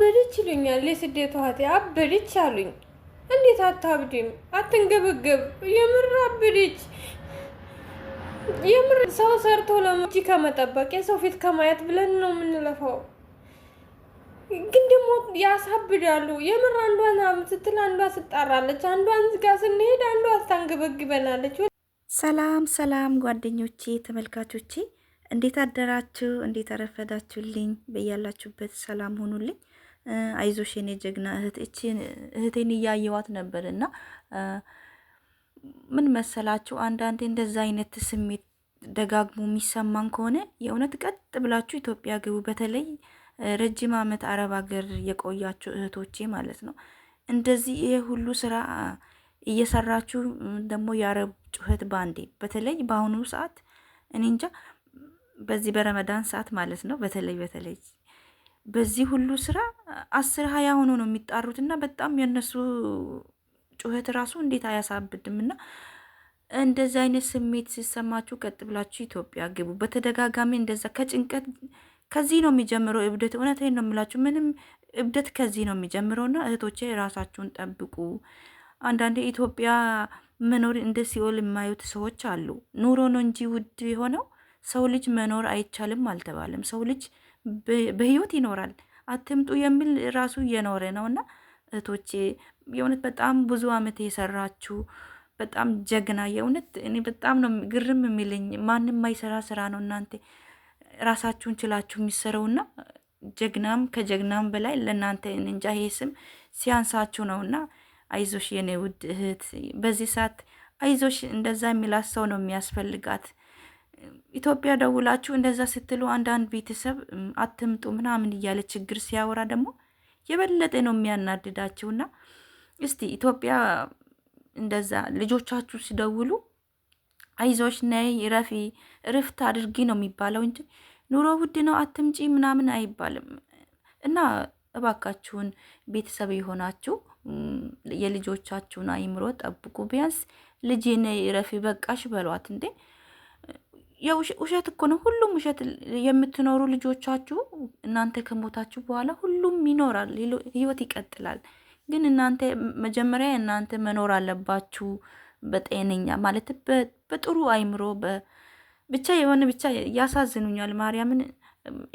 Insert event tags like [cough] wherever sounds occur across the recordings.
አበደች ይሉኛል የስደቷ እህቴ አበደች አሉኝ። እንዴት አታብድም? አትንገበገብ። የምር አበደች። የምር ሰው ሰርቶ ለመጂ ከመጠበቅ የሰው ፊት ከማየት ብለን ነው የምንለፋው። ግን ደግሞ ያሳብዳሉ። የምር አንዷን ስትል አንዷ ስጣራለች፣ አንዷን ዝጋ ስንሄድ አንዷ አስታንገበግበናለች። ሰላም ሰላም ጓደኞቼ ተመልካቾቼ እንዴት አደራችሁ? እንዴት አረፈዳችሁልኝ? በያላችሁበት ሰላም ሆኑልኝ። አይዞሽ የኔ ጀግና እህቴን እያየዋት ነበር እና ምን መሰላችሁ፣ አንዳንዴ እንደዛ አይነት ስሜት ደጋግሞ የሚሰማን ከሆነ የእውነት ቀጥ ብላችሁ ኢትዮጵያ ግቡ። በተለይ ረጅም ዓመት አረብ ሀገር የቆያችሁ እህቶቼ ማለት ነው። እንደዚህ ይሄ ሁሉ ስራ እየሰራችሁ ደግሞ የአረብ ጩኸት ባንዴ በተለይ በአሁኑ ሰዓት እኔ እንጃ በዚህ በረመዳን ሰዓት ማለት ነው በተለይ በተለይ በዚህ ሁሉ ስራ አስር ሀያ ሆኖ ነው የሚጣሩት እና በጣም የነሱ ጩኸት ራሱ እንዴት አያሳብድም እና እንደዚህ አይነት ስሜት ሲሰማችሁ ቀጥ ብላችሁ ኢትዮጵያ ግቡ። በተደጋጋሚ እንደዛ ከጭንቀት ከዚህ ነው የሚጀምረው እብደት። እውነት ነው የምላችሁ፣ ምንም እብደት ከዚህ ነው የሚጀምረውና እህቶቼ ራሳችሁን ጠብቁ። አንዳንዴ ኢትዮጵያ መኖር እንደ ሲኦል የማዩት ሰዎች አሉ። ኑሮ ነው እንጂ ውድ የሆነው ሰው ልጅ መኖር አይቻልም አልተባለም። ሰው ልጅ በህይወት ይኖራል። አትምጡ የሚል ራሱ እየኖረ ነው እና እህቶቼ የእውነት በጣም ብዙ አመት የሰራችሁ በጣም ጀግና የእውነት እኔ በጣም ነው ግርም የሚለኝ ማንም ማይሰራ ስራ ነው እናንተ ራሳችሁን ችላችሁ እና ጀግናም ከጀግናም በላይ ለእናንተ እንጃ ይሄ ስም ሲያንሳችሁ እና አይዞሽ የኔ ውድ እህት በዚህ ሰዓት አይዞሽ እንደዛ የሚላት ሰው ነው የሚያስፈልጋት። ኢትዮጵያ ደውላችሁ እንደዛ ስትሉ አንዳንድ ቤተሰብ አትምጡ ምናምን እያለ ችግር ሲያወራ ደግሞ የበለጠ ነው የሚያናድዳችሁና እስቲ ኢትዮጵያ እንደዛ ልጆቻችሁ ሲደውሉ አይዞሽ ነይ ረፊ ርፍት አድርጊ ነው የሚባለው እንጂ ኑሮ ውድ ነው አትምጪ ምናምን አይባልም። እና እባካችሁን ቤተሰብ የሆናችሁ የልጆቻችሁን አይምሮ ጠብቁ። ቢያንስ ልጄ ነይ ረፊ በቃሽ በሏት እንዴ። የውሸት እኮ ነው። ሁሉም ውሸት የምትኖሩ ልጆቻችሁ እናንተ ከሞታችሁ በኋላ ሁሉም ይኖራል፣ ህይወት ይቀጥላል። ግን እናንተ መጀመሪያ እናንተ መኖር አለባችሁ በጤነኛ ማለት በጥሩ አይምሮ ብቻ የሆነ ብቻ ያሳዝኑኛል። ማርያምን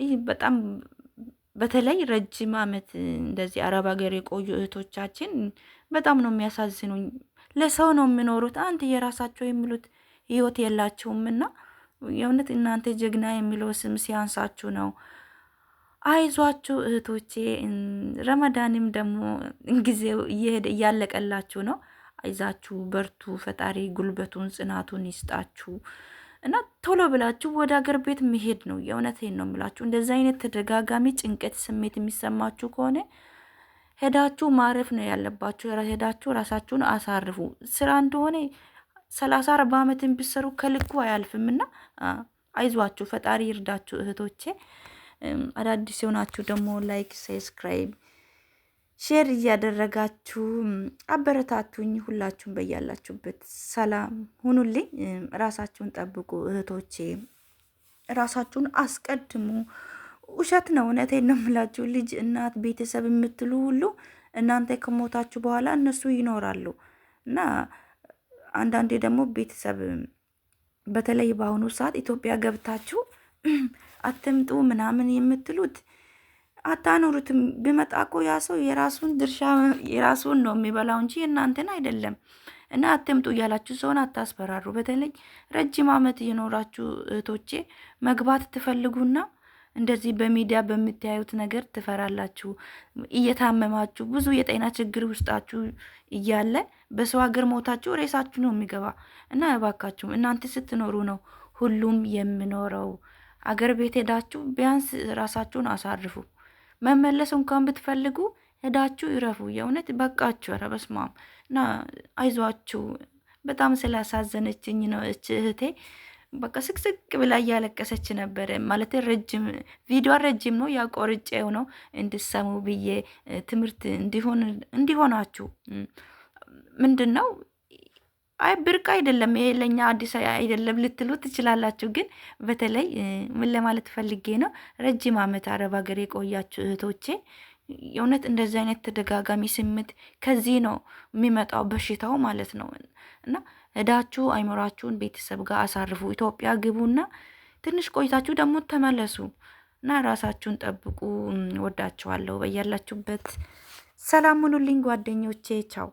ይህ በጣም በተለይ ረጅም ዓመት እንደዚህ አረብ ሀገር የቆዩ እህቶቻችን በጣም ነው የሚያሳዝኑኝ። ለሰው ነው የሚኖሩት፣ አንድ የራሳቸው የሚሉት ህይወት የላቸውም እና የእውነት እናንተ ጀግና የሚለው ስም ሲያንሳችሁ ነው። አይዟችሁ እህቶቼ፣ ረመዳንም ደግሞ ጊዜው እየሄደ እያለቀላችሁ ነው። አይዛችሁ በርቱ። ፈጣሪ ጉልበቱን ጽናቱን ይስጣችሁ እና ቶሎ ብላችሁ ወደ አገር ቤት መሄድ ነው። የእውነቴን ነው የምላችሁ። እንደዚ አይነት ተደጋጋሚ ጭንቀት ስሜት የሚሰማችሁ ከሆነ ሄዳችሁ ማረፍ ነው ያለባችሁ። ሄዳችሁ ራሳችሁን አሳርፉ። ስራ እንደሆነ ሰላሳ አርባ ዓመትን ብሰሩ ከልኩ አያልፍም እና አይዟችሁ፣ ፈጣሪ ይርዳችሁ እህቶቼ። አዳዲስ የሆናችሁ ደግሞ ላይክ፣ ሰብስክራይብ፣ ሼር እያደረጋችሁ አበረታቱኝ። ሁላችሁም በያላችሁበት ሰላም ሁኑልኝ። ራሳችሁን ጠብቁ እህቶቼ፣ ራሳችሁን አስቀድሙ። ውሸት ነው፣ እውነቴን ነው የምላችሁ። ልጅ፣ እናት፣ ቤተሰብ የምትሉ ሁሉ እናንተ ከሞታችሁ በኋላ እነሱ ይኖራሉ እና አንዳንዴ ደግሞ ቤተሰብ በተለይ በአሁኑ ሰዓት ኢትዮጵያ ገብታችሁ [clears throat] አትምጡ ምናምን የምትሉት አታኖሩትም። ብመጣቆ እኮ ያ ሰው የራሱን ድርሻ የራሱን ነው የሚበላው እንጂ እናንተን አይደለም። እና አትምጡ እያላችሁ ሰውን አታስፈራሩ። በተለይ ረጅም ዓመት የኖራችሁ እህቶቼ መግባት ትፈልጉና እንደዚህ በሚዲያ በምታዩት ነገር ትፈራላችሁ። እየታመማችሁ ብዙ የጤና ችግር ውስጣችሁ እያለ በሰው ሀገር ሞታችሁ ሬሳችሁ ነው የሚገባ እና እባካችሁ እናንተ ስትኖሩ ነው ሁሉም የሚኖረው። አገር ቤት ሄዳችሁ ቢያንስ ራሳችሁን አሳርፉ። መመለስ እንኳን ብትፈልጉ ሄዳችሁ ይረፉ። የእውነት በቃችሁ። ኧረ በስመ አብ እና አይዟችሁ። በጣም ስላሳዘነችኝ ነው እች እህቴ በቃ ስቅስቅ ብላ እያለቀሰች ነበረ። ማለት ረጅም ቪዲዮ ረጅም ነው ያቆርጬው ነው እንድሰሙ ብዬ ትምህርት እንዲሆናችሁ ምንድን ነው አይ ብርቅ አይደለም፣ ይሄ ለእኛ አዲስ አይደለም ልትሉ ትችላላችሁ። ግን በተለይ ምን ለማለት ፈልጌ ነው ረጅም ዓመት አረብ ሀገር የቆያችሁ እህቶቼ የእውነት እንደዚህ አይነት ተደጋጋሚ ስሜት ከዚህ ነው የሚመጣው በሽታው ማለት ነው እና እዳችሁ አይምሯችሁን ቤተሰብ ጋር አሳርፉ። ኢትዮጵያ ግቡና ትንሽ ቆይታችሁ ደግሞ ተመለሱ እና ራሳችሁን ጠብቁ። ወዳችኋለሁ። በያላችሁበት ሰላም ሁኑልኝ ጓደኞቼ። ቻው